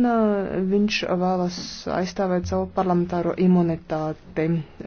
Un uh, viņš vēlas aizstāvēt savu parlamentāro imunitāti.